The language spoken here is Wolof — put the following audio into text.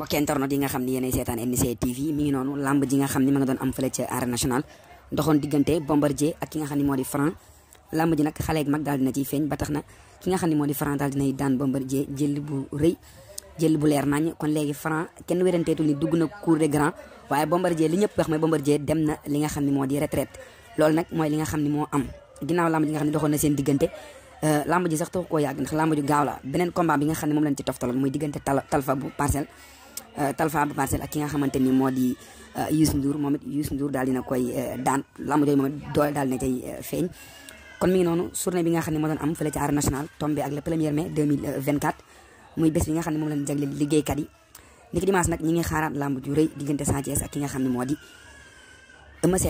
mbokki internet yi nga xam ne yéenay seetaan NC TV mi ngi noonu lamb ji nga xam ne ma nga doon am fële ca arène nationale ba tax na ki nga xam ne moo di Franc daal dinay daan Bombardier jël bu kon léegi Franc kenn wéranteetul ni dugg na cour des grands waaye Bombardier li ñëpp wax mooy Bombardier dem na li nga xam ne moo di retraite loolu nag mooy li nga xam ne moo am ginnaaw lamb ji nga xam ne doxoon na seen diggante euh, lamb ji sax tax koo yàgg xam ne moom lañ ci toftaloon muy diggante tal talfa bu parcelle Euh, Talfa bu parcelle ak ki nga xamante ni moo di euh, Youssou Ndour moom it Youssou Ndour daal dina koy euh, daan lamb jooju moom it doole daal dina cay feeñ. kon mi ngi noonu journée bi nga xam ne moo doon am fële ci Arène Nationale tombé ak le premier mai 2024 muy bés bi nga xam ne moom lañ jagleel liggéeykat yi. niki dimanche nag ñi ngi xaaraat lamb ju rëy diggante Sa ak ki nga xam ne moo di Eumeu Sène